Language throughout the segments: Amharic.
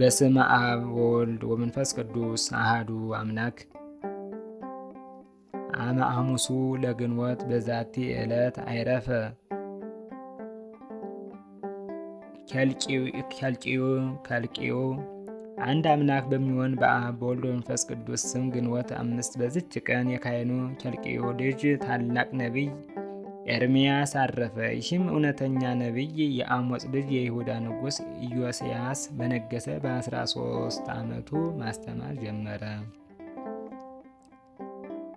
በስም አብ ወልድ ወመንፈስ ቅዱስ አሃዱ አምላክ። አመ አሙሱ ለግንቦት በዛቲ ዕለት አይረፈ ከልቂው አንድ አምላክ በሚሆን በአብ በወልድ በመንፈስ ቅዱስ ስም ግንቦት አምስት በዚች ቀን የካህኑ ኬልቂዮ ልጅ ታላቅ ነቢይ ኤርምያስ አረፈ። ይህም እውነተኛ ነቢይ የአሞጽ ልጅ የይሁዳ ንጉሥ ኢዮስያስ በነገሰ በ13 ዓመቱ ማስተማር ጀመረ።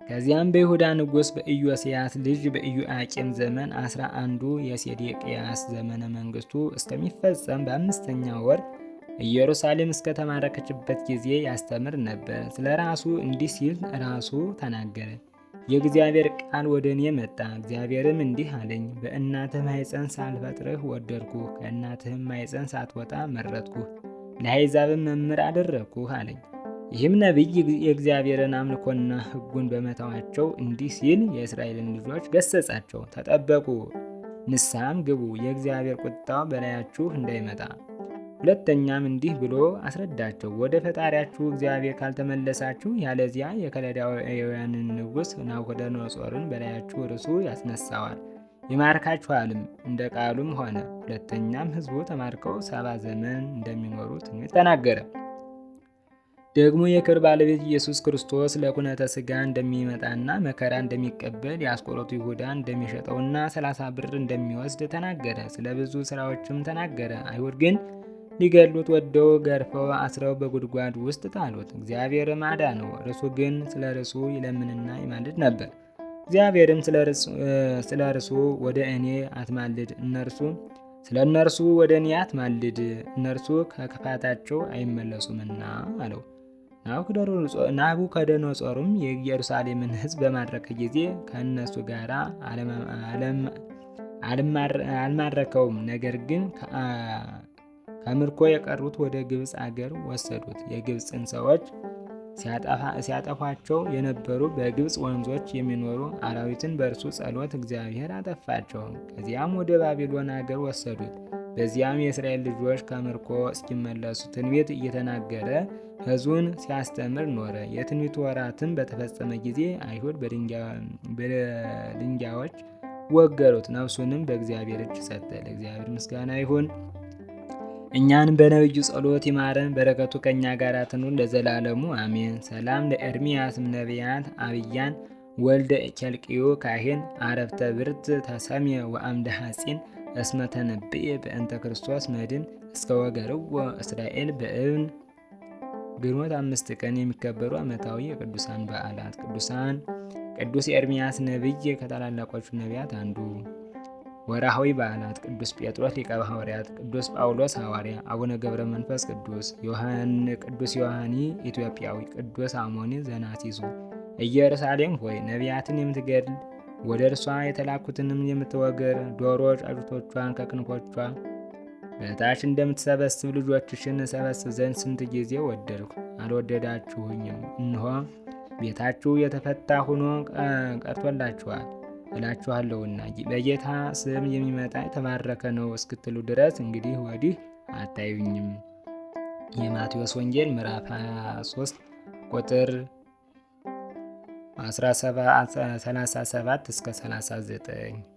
ከዚያም በይሁዳ ንጉሥ በኢዮስያስ ልጅ በኢዮአቄም ዘመን አስራ አንዱ የሴዴቅያስ ዘመነ መንግስቱ እስከሚፈጸም በአምስተኛ ወር ኢየሩሳሌም እስከተማረከችበት ጊዜ ያስተምር ነበር። ስለ ራሱ እንዲህ ሲል ራሱ ተናገረ። የእግዚአብሔር ቃል ወደ እኔ መጣ፣ እግዚአብሔርም እንዲህ አለኝ፣ በእናትህ ማኅፀን ሳልፈጥርህ ወደድኩ ከእናትህም ማኅፀን ሳትወጣ መረጥኩህ፣ ለአሕዛብም መምህር አደረግኩህ አለኝ። ይህም ነቢይ የእግዚአብሔርን አምልኮና ሕጉን በመተዋቸው እንዲህ ሲል የእስራኤልን ልጆች ገሰጻቸው፣ ተጠበቁ፣ ንስሐም ግቡ፣ የእግዚአብሔር ቁጣ በላያችሁ እንዳይመጣ ሁለተኛም እንዲህ ብሎ አስረዳቸው። ወደ ፈጣሪያችሁ እግዚአብሔር ካልተመለሳችሁ ያለዚያ የከለዳውያንን ንጉሥ ናቡከደነጾርን በላያችሁ ርሱ ያስነሳዋል ይማርካችኋልም፣ እንደ ቃሉም ሆነ። ሁለተኛም ሕዝቡ ተማርከው ሰባ ዘመን እንደሚኖሩ ትንቢት ተናገረ። ደግሞ የክብር ባለቤት ኢየሱስ ክርስቶስ ለኩነተ ሥጋ እንደሚመጣና መከራ እንደሚቀበል የአስቆሮቱ ይሁዳ እንደሚሸጠውና ሰላሳ ብር እንደሚወስድ ተናገረ። ስለ ብዙ ሥራዎችም ተናገረ። አይሁድ ግን ሊገድሉት ወደው ገርፈው አስረው በጉድጓድ ውስጥ ጣሉት። እግዚአብሔርም ነው እርሱ ግን ስለ ርሱ ይለምንና ይማልድ ነበር። እግዚአብሔርም ስለ ርሱ ወደ እኔ አትማልድ፣ እነርሱ ስለ እነርሱ ወደ እኔ አትማልድ፣ እነርሱ ከክፋታቸው አይመለሱምና አለው። ናቡከደነጾሩም የኢየሩሳሌምን ሕዝብ በማድረከ ጊዜ ከእነሱ ጋር አልማረከውም። ነገር ግን ከምርኮ የቀሩት ወደ ግብፅ አገር ወሰዱት። የግብፅን ሰዎች ሲያጠፏቸው የነበሩ በግብፅ ወንዞች የሚኖሩ አራዊትን በእርሱ ጸሎት እግዚአብሔር አጠፋቸው። ከዚያም ወደ ባቢሎን አገር ወሰዱት። በዚያም የእስራኤል ልጆች ከምርኮ እስኪመለሱ ትንቢት እየተናገረ ሕዝቡን ሲያስተምር ኖረ። የትንቢቱ ወራትም በተፈጸመ ጊዜ አይሁድ በድንጋዮች ወገሩት። ነፍሱንም በእግዚአብሔር እጅ ሰጠ። ለእግዚአብሔር ምስጋና ይሁን። እኛን በነብዩ ጸሎት ይማረን፣ በረከቱ ከእኛ ጋር ትኑር ለዘላለሙ አሜን። ሰላም ለኤርሚያስ ነቢያት አብያን ወልደ ኬልቅዩ ካህን አረፍተ ብርት ተሰሜ ወአምደ ሐጺን እስመ ተነብእ በእንተ ክርስቶስ መድን እስከ ወገርዎ እስራኤል በእብን ግንቦት አምስት ቀን የሚከበሩ ዓመታዊ የቅዱሳን በዓላት ቅዱሳን ቅዱስ ኤርሚያስ ነቢይ ከታላላቆቹ ነቢያት አንዱ ወርሃዊ በዓላት ቅዱስ ጴጥሮስ ሊቀ ሐዋርያት፣ ቅዱስ ጳውሎስ ሐዋርያ፣ አቡነ ገብረ መንፈስ ቅዱስ፣ ቅዱስ ዮሐኒ ኢትዮጵያዊ፣ ቅዱስ አሞኒ ዘናቲሱ። ኢየሩሳሌም ሆይ ነቢያትን የምትገድል ወደ እርሷ የተላኩትንም የምትወግር ዶሮ ጫጩቶቿን ከክንፎቿ በታች እንደምትሰበስብ ልጆችሽን እሰበስብ ዘንድ ስንት ጊዜ ወደድኩ፣ አልወደዳችሁኝም። እንሆ ቤታችሁ የተፈታ ሆኖ ቀርቶላችኋል። እላችኋለሁና በጌታ ስም የሚመጣ የተባረከ ነው እስክትሉ ድረስ እንግዲህ ወዲህ አታዩኝም። የማቴዎስ ወንጌል ምዕራፍ 23 ቁጥር 37 እስከ 39